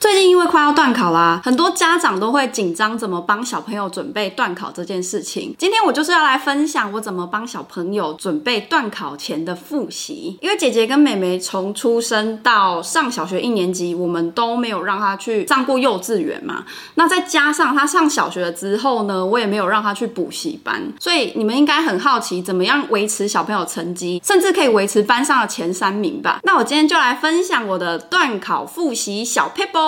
最近因為快要段考啦，很多家長都會緊張，怎麼幫小朋友準備段考這件事情。今天我就是要來分享我怎麼幫小朋友準備段考前的複習。因為姐姐跟妹妹從出生到上小學一年級，我們都沒有讓她去上過幼稚園嘛。那再加上她上小學了之後呢，我也沒有讓她去補習班。所以你們應該很好奇，怎麼樣維持小朋友成績，甚至可以維持班上的前三名吧？那我今天就來分享我的段考複習小撇步。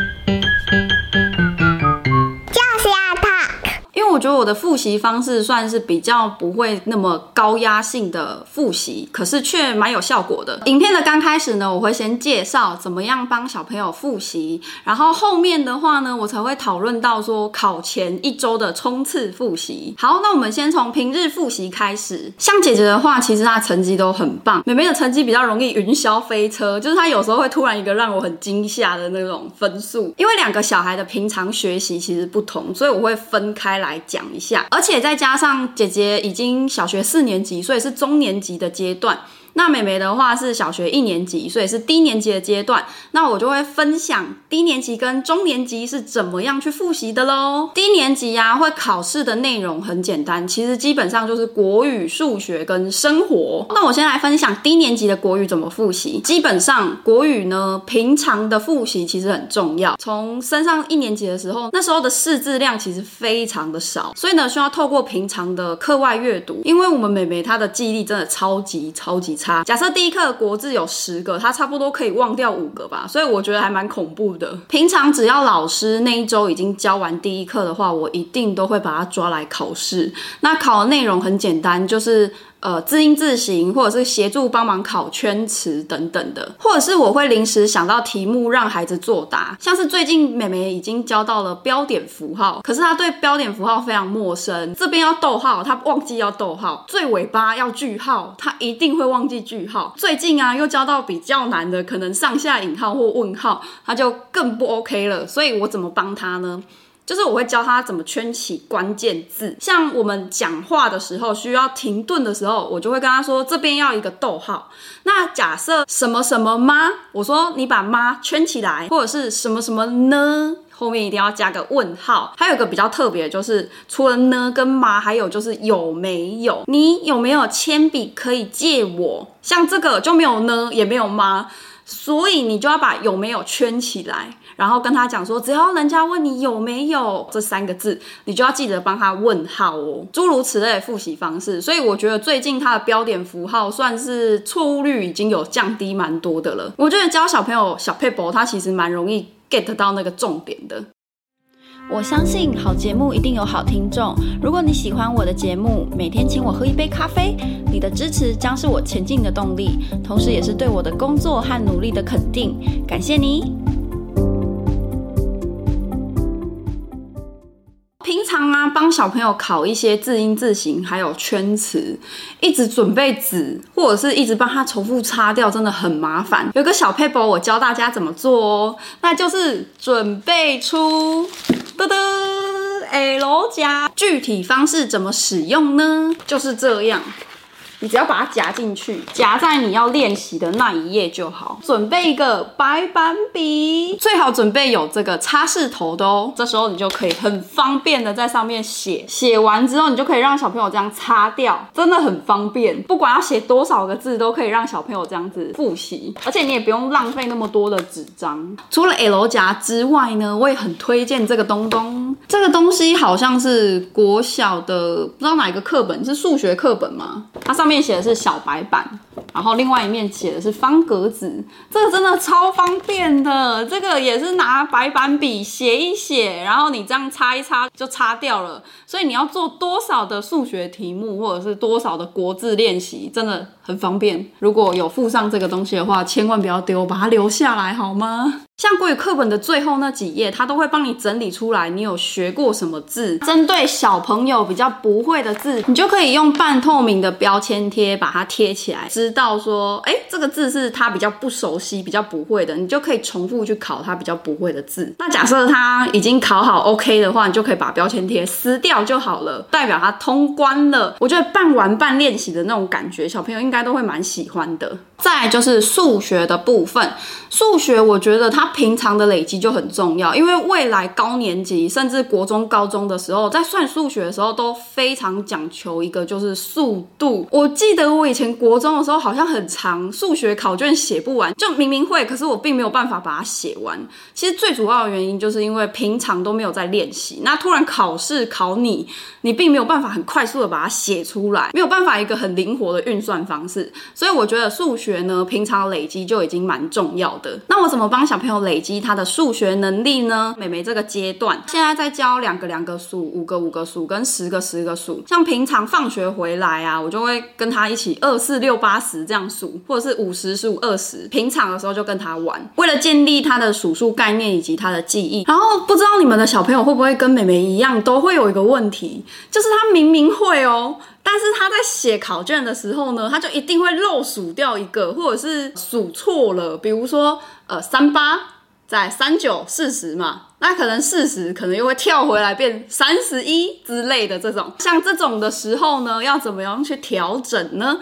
我覺得我的複習方式算是比較不會那麼高壓性的複習，可是卻蠻有效果的。影片的剛開始呢，我會先介紹怎麼樣幫小朋友複習，然後後面的話呢，我才會討論到說考前一周的衝刺複習。好，那我們先從平日複習開始。像姐姐的話，其實她成績都很棒，妹妹的成績比較容易雲霄飛車，就是她有時候會突然一個讓我很驚嚇的那種分數。因為兩個小孩的平常學習其實不同，所以我會分開來。講一下，而且再加上姐姐已經小學四年級，所以是中年級的階段。那美美的話是小學一年級，所以是低年級的階段。那我就會分享低年級跟中年級是怎麼樣去複習的嘍。低年級呀、啊，會考試的內容很簡單，其實基本上就是國語、數學跟生活。那我先來分享低年級的國語怎麼複習。基本上國語呢，平常的複習其實很重要。從升上一年級的時候，那時候的識字量其實非常的少，所以呢，需要透過平常的課外閱讀。因為我們美美她的記憶力真的超級超級。假設第一課的國字有十個，他差不多可以忘掉五個吧，所以我覺得還蠻恐怖的。平常只要老師那一週已經教完第一課的話，我一定都會把他抓來考試。那考的內容很簡單，就是。呃，字音字形，或者是協助幫忙考圈詞等等的，或者是我會臨時想到題目讓孩子作答，像是最近妹妹已經教到了標點符號，可是她對標點符號非常陌生，這邊要逗號，她忘記要逗號，最尾巴要句號，她一定會忘記句號。最近啊，又教到比較難的，可能上下引號或問號，她就更不 OK 了，所以我怎麼幫她呢？就是我會教他怎麼圈起關鍵字，像我們講話的時候需要停頓的時候，我就會跟他說這邊要一個逗號。那假設什麼什麼嗎？我說你把嗎圈起來，或者是什麼什麼呢？後面一定要加個問號。還有一個比較特別，就是除了呢跟嗎，還有就是有沒有？你有沒有鉛筆可以借我？像這個就沒有呢，也沒有嗎，所以你就要把有沒有圈起來。然後跟他講說，只要人家問你有沒有這三個字，你就要記得幫他問號哦，諸如此類的複習方式。所以我覺得最近他的標點符號算是錯誤率已經有降低蠻多的了。我覺得教小朋友小撇步，他其實蠻容易 get 到那個重點的。我相信好節目一定有好聽眾。如果你喜歡我的節目，每天請我喝一杯咖啡，你的支持將是我前進的動力，同時也是對我的工作和努力的肯定。感謝你。小朋友考一些字音字形，還有圈詞，一直準備紙，或者是一直幫他重複擦掉，真的很麻煩。有個小撇步，我教大家怎麼做哦，那就是準備出噔噔 L 夾。具體方式怎麼使用呢？就是這樣。你只要把它夾進去，夾在你要練習的那一頁就好。準備一個白板筆，最好準備有這個擦拭頭的哦。這時候你就可以很方便的在上面寫，寫完之後你就可以讓小朋友這樣擦掉，真的很方便。不管要寫多少個字，都可以讓小朋友這樣子複習，而且你也不用浪費那麼多的紙張。除了 L 夾之外呢，我也很推薦這個東東。這個東西好像是國小的，不知道哪一個課本，是數學課本嗎？它上面。一面寫的是小白板，然後另外一面寫的是方格子。這個真的超方便的。這個也是拿白板筆寫一寫，然後你這樣擦一擦就擦掉了。所以你要做多少的數學題目，或者是多少的國字練習，真的很方便。如果有附上這個東西的話，千萬不要丟，把它留下來好嗎？像國語課本的最後那幾頁，它都會幫你整理出來。你有學過什麼字？針對小朋友比較不會的字，你就可以用半透明的標籤貼把它貼起來，知道說，誒、欸，這個字是他比較不熟悉、比較不會的，你就可以重複去考他比較不會的字。那假設他已經考好 OK 的話，你就可以把標籤貼撕掉就好了，代表他通關了。我覺得半玩半練習的那種感覺，小朋友應該都會蠻喜歡的。再來就是數學的部分，數學我覺得它。平常的累積就很重要，因為未來高年級甚至國中高中的時候，在算數學的時候都非常講求一個就是速度。我記得我以前國中的時候好像很長，數學考卷寫不完，就明明會，可是我並沒有辦法把它寫完。其實最主要的原因就是因為平常都沒有在練習，那突然考試考你，你並沒有辦法很快速的把它寫出來，沒有辦法一個很靈活的運算方式。所以我覺得數學呢，平常累積就已經蠻重要的。那我怎麼幫小朋友？要累積他的數學能力呢，妹妹這個階段現在在教兩個兩個數，五個五個數，跟十個十個數。像平常放學回來啊，我就會跟他一起二四六八十這樣數，或者是五十數二十。平常的時候就跟他玩，為了建立他的數數概念以及他的記憶。然後不知道你們的小朋友會不會跟妹妹一樣，都會有一個問題，就是他明明會哦。但是他在寫考卷的時候呢，他就一定會漏數掉一個，或者是數錯了。比如說，呃，三八在三九四十嘛，那可能四十可能又會跳回來變三十一之類的這種。像這種的時候呢，要怎麼樣去調整呢？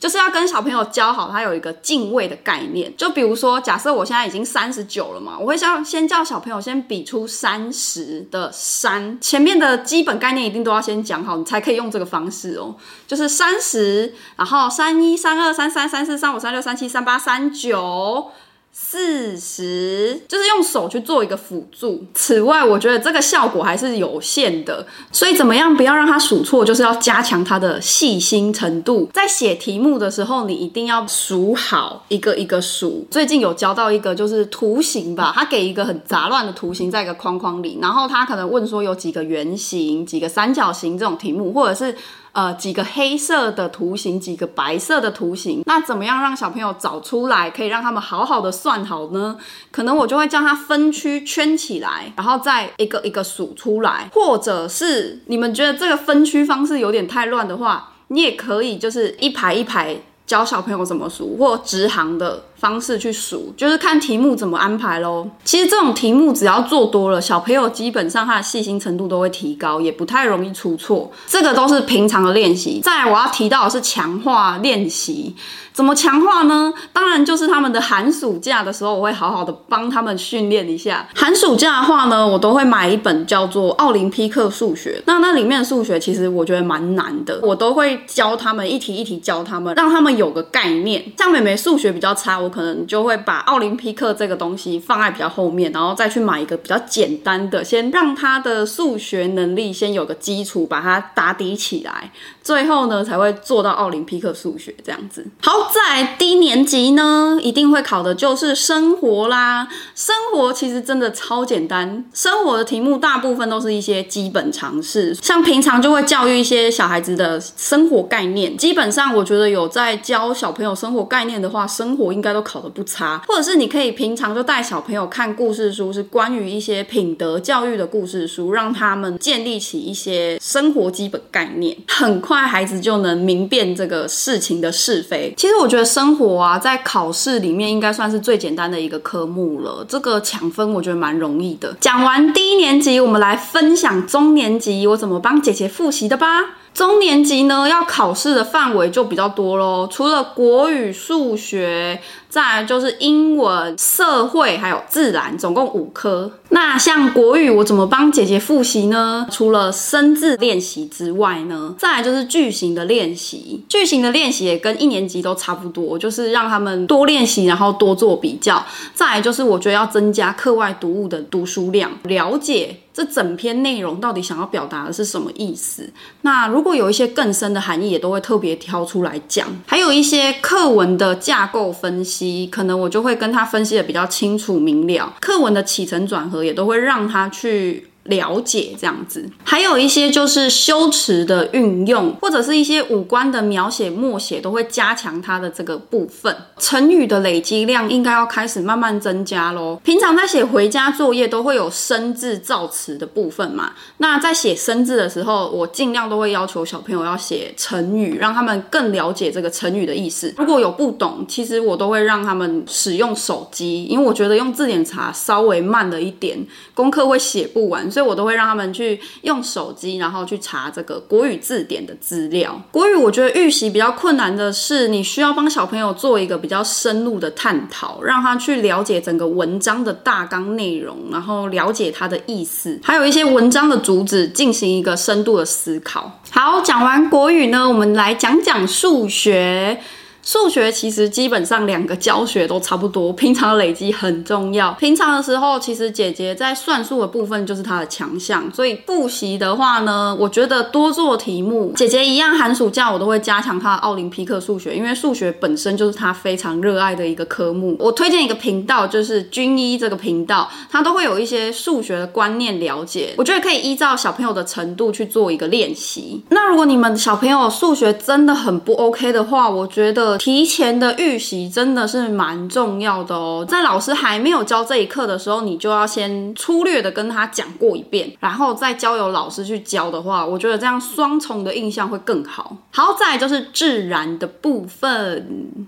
就是要跟小朋友教好，他有一個進位的概念。就比如說，假設我現在已經三十九了嘛，我會叫先叫小朋友先比出三十的三，前面的基本概念一定都要先講好，你才可以用這個方式哦、喔。就是三十，然後三一、三二、三三、三四、三五、三六、三七、三八、三九。四十，40，就是用手去做一個輔助。此外，我覺得這個效果還是有限的，所以怎麼樣不要讓它數錯，就是要加強它的細心程度。在寫題目的時候，你一定要數好一個一個數。最近有教到一個就是圖形吧，他給一個很雜亂的圖形在一個框框裡，然後他可能問說有幾個圓形、幾個三角形這種題目，或者是，呃，幾個黑色的圖形，幾個白色的圖形，那怎麼樣讓小朋友找出來，可以讓他們好好的算好呢？可能我就會將它分區圈起來，然後再一個一個數出來，或者是你們覺得這個分區方式有點太亂的話，你也可以就是一排一排教小朋友怎麼數，或直行的。方式去數，就是看題目怎麼安排咯。其實這種題目只要做多了，小朋友基本上他的細心程度都會提高，也不太容易出錯。這個都是平常的練習。再來我要提到的是強化練習，怎麼強化呢？當然就是他們的寒暑假的時候，我會好好的幫他們訓練一下。寒暑假的話呢，我都會買一本叫做《奧林匹克數學》，那那裡面的數學其實我覺得蠻難的，我都會教他們一題一題教他們，讓他們有個概念。像美美數學比較差，我，可能就會把奧林匹克這個東西放在比較後面，然後再去買一個比較簡單的，先讓他的數學能力先有個基礎，把它打底起來，最後呢才會做到奧林匹克數學這樣子。好，在低年級呢，一定會考的就是生活啦。生活其實真的超簡單，生活的題目大部分都是一些基本常識，像平常就會教育一些小孩子的生活概念。基本上，我覺得有在教小朋友生活概念的話，生活應該都。考得不差，或者是你可以平常就帶小朋友看故事書，是關於一些品德教育的故事書，讓他們建立起一些生活基本概念，很快孩子就能明辨這個事情的是非。其實我覺得生活啊，在考試裡面應該算是最簡單的一個科目了，這個搶分我覺得蠻容易的。講完低年級，我們來分享中年級我怎麼幫姐姐複習的吧。中年級呢，要考試的範圍就比較多咯，除了國語、數學。再來就是英文、社會還有自然，總共五科。那像國語，我怎麼幫姐姐復習呢？除了生字練習之外呢，再來就是句型的練習。句型的練習也跟一年級都差不多，就是讓他們多練習，然後多做比較。再來就是我覺得要增加課外讀物的讀書量，了解這整篇內容到底想要表達的是什麼意思。那如果有一些更深的含義，也都會特別挑出來講。還有一些課文的架構分析。可能我就會跟他分析的比較清楚明了，課文的起承轉合也都會讓他去了解這樣子，還有一些就是修辭的運用，或者是一些五官的描寫、默寫，都會加強它的這個部分。成語的累積量應該要開始慢慢增加咯，平常在寫回家作業，都會有生字造詞的部分嘛。那在寫生字的時候，我盡量都會要求小朋友要寫成語，讓他們更了解這個成語的意思。如果有不懂，其實我都會讓他們使用手機，因為我覺得用字典查稍微慢了一點，功課會寫不完。所以，我都會讓他們去用手機，然後去查這個國語字典的資料。國語，我覺得預習比較困難的是，你需要幫小朋友做一個比較深入的探討，讓他去了解整個文章的大綱內容，然後了解它的意思，還有一些文章的主旨，進行一個深度的思考。好，講完國語呢，我們來講講數學。數學其實基本上兩個教學都差不多，平常的累積很重要。平常的時候，其實姐姐在算術的部分就是她的強項，所以複習的話呢，我覺得多做題目。姐姐一樣寒暑假我都會加強她的奧林匹克數學，因為數學本身就是她非常熱愛的一個科目。我推薦一個頻道，就是均一這個頻道，它都會有一些數學的觀念了解，我覺得可以依照小朋友的程度去做一個練習。那如果你們小朋友數學真的很不 OK 的話，我覺得。提前的預習真的是蠻重要的哦，在老師還沒有教這一課的時候，你就要先粗略的跟他講過一遍，然後再交由老師去教的話，我覺得這樣雙重的印象會更好。好，再來就是自然的部分，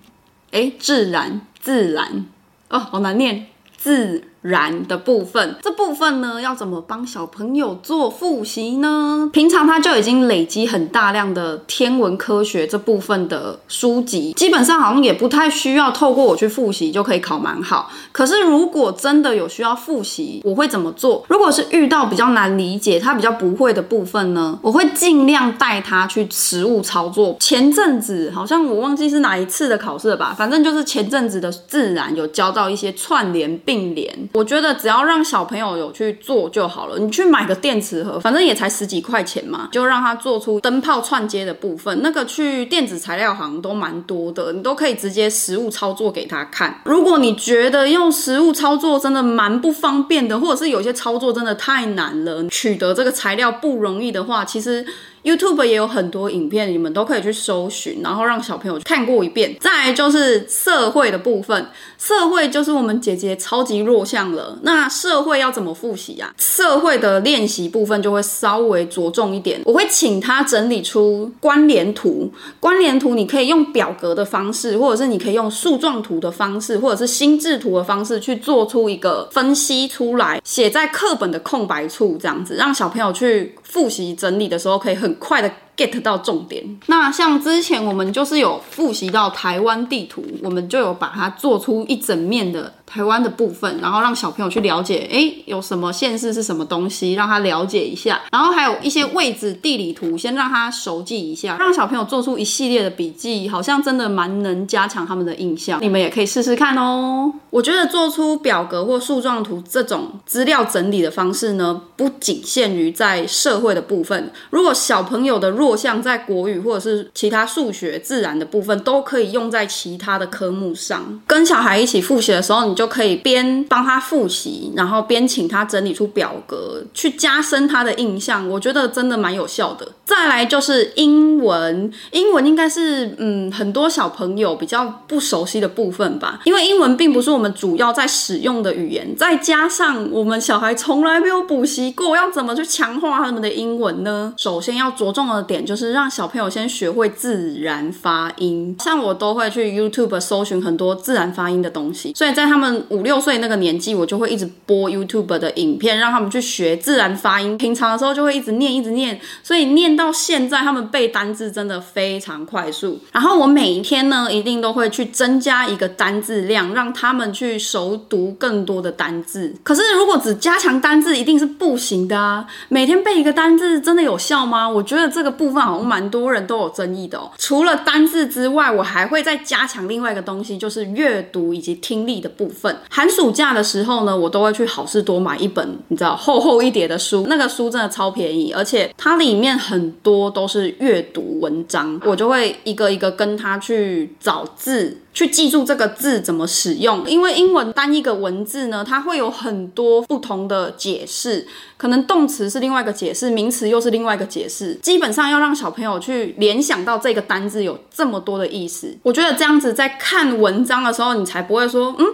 哎，自然，自然，哦，好難念，自。然的部分，這部分呢要怎麼幫小朋友做複習呢？平常他就已經累積很大量的天文科學這部分的書籍，基本上好像也不太需要透過我去複習就可以考蠻好。可是如果真的有需要複習，我會怎麼做？如果是遇到比較難理解、他比較不會的部分呢？我會盡量帶他去實物操作。前陣子好像我忘記是哪一次的考試了吧，反正就是前陣子的自然有教到一些串聯、並聯。我覺得只要讓小朋友有去做就好了。你去買個電池盒，反正也才十幾塊錢嘛，就讓他做出燈泡串接的部分。那個去電子材料行都蠻多的，你都可以直接實物操作給他看。如果你覺得用實物操作真的蠻不方便的，或者是有些操作真的太難了，取得這個材料不容易的話，其實。YouTube 也有很多影片，你們都可以去搜尋，然後讓小朋友看過一遍。再來就是社會的部分，社會就是我們姐姐超級弱項了。那社會要怎麼複習啊？社會的練習部分就會稍微着重一點，我會請他整理出關聯圖。關聯圖你可以用表格的方式，或者是你可以用樹狀圖的方式，或者是心智圖的方式去做出一個分析出來，寫在課本的空白處，這樣子讓小朋友去複習整理的時候可以很。快的。get 到重點。那像之前我們就是有複習到台灣地圖，我們就有把它做出一整面的台灣的部分，然後讓小朋友去了解，誒、欸，有什麼縣市是什麼東西，讓他了解一下。然後還有一些位置地理圖，先讓他熟記一下，讓小朋友做出一系列的筆記，好像真的蠻能加強他們的印象。你們也可以試試看哦、喔。我覺得做出表格或樹狀圖這種資料整理的方式呢，不僅限於在社會的部分。如果小朋友的弱像在國語或者是其他數學、自然的部分，都可以用在其他的科目上。跟小孩一起複習的時候，你就可以邊幫他複習，然後邊請他整理出表格，去加深他的印象。我覺得真的蠻有效的。再來就是英文，英文應該是嗯，很多小朋友比較不熟悉的部分吧，因為英文並不是我們主要在使用的語言，再加上我們小孩從來沒有補習過，要怎麼去強化他們的英文呢？首先要着重的點就是讓小朋友先學會自然發音，像我都會去 YouTube 搜尋很多自然發音的東西，所以在他們五六歲那個年紀，我就會一直播 YouTube 的影片，讓他們去學自然發音，平常的時候就會一直念一直念，所以念。到現在他們背單字真的非常快速，然後我每一天呢，一定都會去增加一個單字量，讓他們去熟讀更多的單字。可是如果只加強單字，一定是不行的啊！每天背一個單字真的有效嗎？我覺得這個部分好像蠻多人都有爭議的哦。除了單字之外，我還會再加強另外一個東西，就是閱讀以及聽力的部分。寒暑假的時候呢，我都會去好事多買一本，你知道厚厚一疊的書，那個書真的超便宜，而且它裡面很。很多都是閱讀文章，我就會一個一個跟他去找字，去記住這個字怎麼使用。因為英文單一個文字呢，它會有很多不同的解釋，可能動詞是另外一個解釋，名詞又是另外一個解釋。基本上要讓小朋友去聯想到這個單字有這麼多的意思。我覺得這樣子在看文章的時候，你才不會說嗯。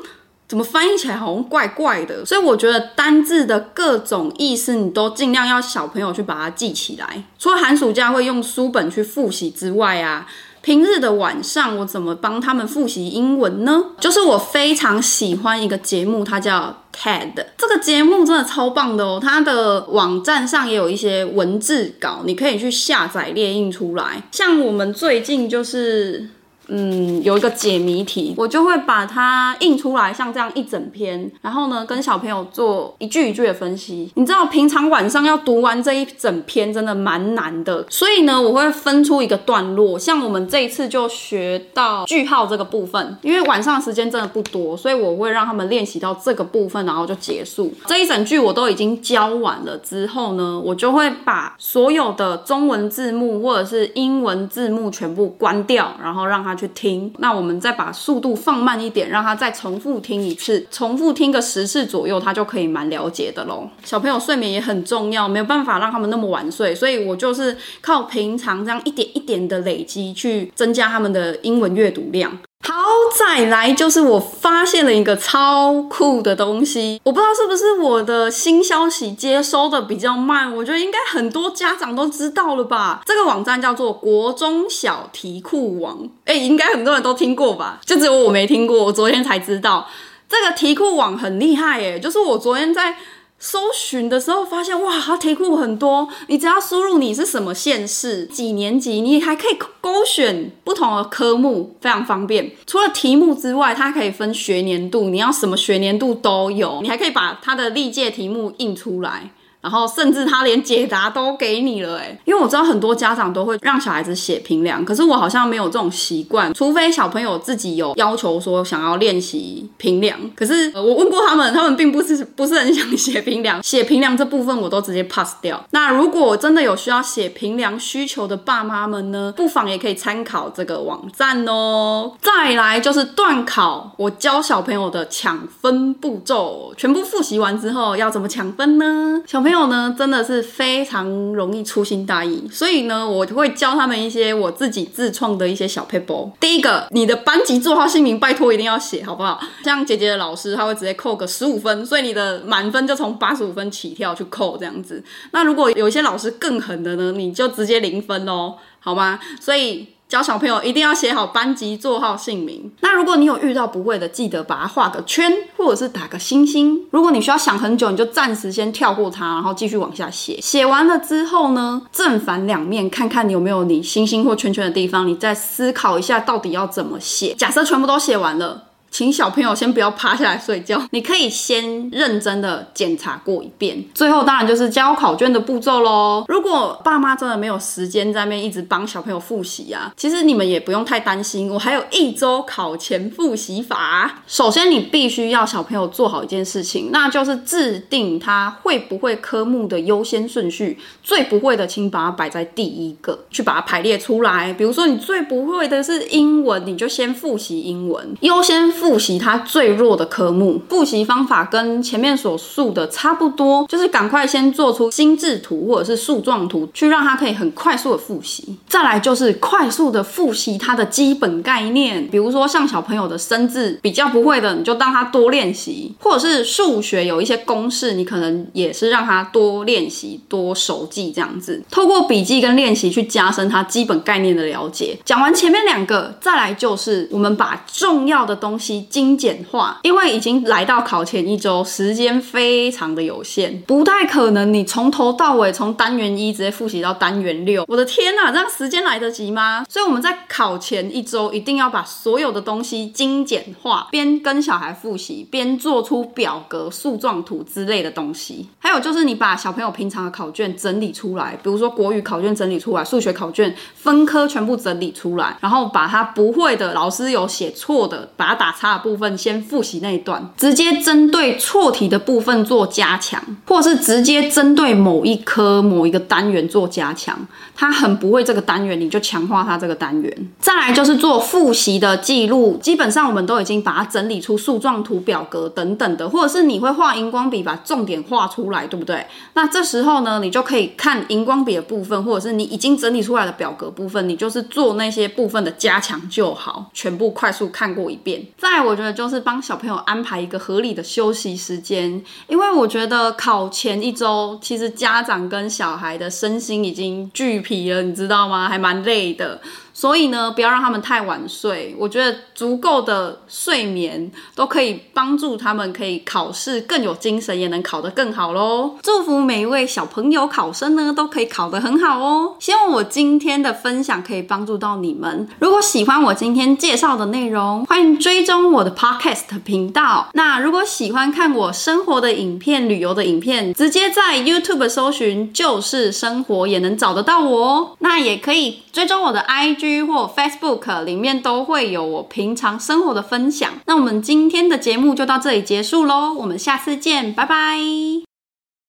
怎麼翻譯起來好像怪怪的？所以我覺得單字的各種意思，你都盡量要小朋友去把它記起來。除了寒暑假會用書本去複習之外啊，平日的晚上我怎麼幫他們複習英文呢？就是我非常喜歡一個節目，它叫 TED。這個節目真的超棒的哦！它的網站上也有一些文字稿，你可以去下載列印出來。像我們最近就是。嗯，有一個解謎題，我就會把它印出來，像這樣一整篇，然後呢，跟小朋友做一句一句的分析。你知道，平常晚上要讀完這一整篇，真的蠻難的。所以呢，我會分出一個段落，像我們這一次就學到句號這個部分，因為晚上的時間真的不多，所以我會讓他們練習到這個部分，然後就結束。這一整句我都已經教完了之後呢，我就會把所有的中文字幕或者是英文字幕全部關掉，然後讓他。去聽，那我們再把速度放慢一點，讓他再重複聽一次，重複聽個十次左右，他就可以蠻了解的嘍。小朋友睡眠也很重要，沒有辦法讓他們那麼晚睡，所以我就是靠平常這樣一點一點的累積，去增加他們的英文閱讀量。好，再來就是我發現了一個超酷的東西，我不知道是不是我的新消息接收的比較慢，我覺得應該很多家長都知道了吧。這個網站叫做國中小題庫網。欸，應該很多人都聽過吧？就只有我沒聽過，我昨天才知道。這個題庫網很厲害欸，就是我昨天在。搜尋的時候發現，哇，它題庫很多。你只要輸入你是什麼縣市、幾年級，你還可以勾選不同的科目，非常方便。除了題目之外，它還可以分學年度，你要什麼學年度都有。你還可以把它的歷屆題目印出來。然後甚至他連解答都給你了哎，因為我知道很多家長都會讓小孩子寫評量，可是我好像沒有這種習慣，除非小朋友自己有要求說想要練習評量。可是，呃，我問過他們，他們並不是不是很想寫評量，寫評量這部分我都直接 pass 掉。那如果真的有需要寫評量需求的爸媽們呢，不妨也可以參考這個網站哦。再來就是段考，我教小朋友的搶分步驟，全部複習完之後要怎麼搶分呢？小朋友朋友呢，真的是非常容易粗心大意，所以呢，我會教他們一些我自己自創的一些小撇步。第一個，你的班級座號姓名，拜托一定要寫，好不好？像姐姐的老師，他會直接扣個十五分，所以你的滿分就從八十五分起跳去扣，這樣子。那如果有一些老師更狠的呢，你就直接零分哦，好嗎？所以。教小朋友一定要寫好班級、座號、姓名。那如果你有遇到不會的，記得把它畫個圈，或者是打個星星。如果你需要想很久，你就暫時先跳過它，然後繼續往下寫。寫完了之後呢，正反兩面看看你有沒有你星星或圈圈的地方，你再思考一下到底要怎麼寫。假設全部都寫完了。請小朋友先不要趴下來睡覺，你可以先認真的檢查過一遍。最後當然就是交考卷的步驟嘍。如果爸媽真的沒有時間在那邊一直幫小朋友複習啊，其實你們也不用太擔心。我還有一週考前複習法。首先你必須要小朋友做好一件事情，那就是制定他會不會科目的優先順序。最不會的，請把它擺在第一個，去把它排列出來。比如說你最不會的是英文，你就先複習英文優先。復習他最弱的科目，復習方法跟前面所述的差不多，就是趕快先做出心智圖或者是樹狀圖，去讓他可以很快速的復習。再來就是快速的復習他的基本概念，比如說像小朋友的生字比較不會的，你就讓他多練習，或者是數學有一些公式，你可能也是讓他多練習、多熟記這樣子。透過筆記跟練習去加深他基本概念的了解。講完前面兩個，再來就是我們把重要的東西。精簡化，因為已經來到考前一周，時間非常的有限，不太可能你從頭到尾從單元一直接複習到單元六。我的天吶、啊，這樣時間來得及嗎？所以我們在考前一周一定要把所有的東西精簡化，邊跟小孩複習，邊做出表格、樹狀圖之類的東西。還有就是你把小朋友平常的考卷整理出來，比如說國語考卷整理出來，數學考卷分科全部整理出來，然後把他不會的、老師有寫錯的，把它打成。差的部分先複習那一段，直接針對錯題的部分做加強，或者是直接針對某一科某一個單元做加強。他很不會這個單元，你就強化他這個單元。再來就是做複習的記錄，基本上我們都已經把它整理出樹狀圖、表格等等的，或者是你會畫熒光筆把重點畫出來，對不對？那這時候呢，你就可以看熒光筆的部分，或者是你已經整理出來的表格部分，你就是做那些部分的加強就好，全部快速看過一遍。我覺得就是幫小朋友安排一個合理的休息時間，因為我覺得考前一週，其實家長跟小孩的身心已經俱疲了，你知道嗎？還蠻累的。所以呢，不要讓他們太晚睡。我覺得足夠的睡眠都可以幫助他們，可以考試更有精神，也能考得更好嘍。祝福每一位小朋友考生呢，都可以考得很好哦。希望我今天的分享可以幫助到你們。如果喜歡我今天介紹的內容，歡迎追蹤我的 Podcast 頻道。那如果喜歡看我生活的影片、旅遊的影片，直接在 YouTube 搜尋“就是生活”也能找得到我哦。那也可以追蹤我的 IG。或 Facebook 裡面都會有我平常生活的分享。那我們今天的節目就到這裡結束嘍，我們下次見，拜拜。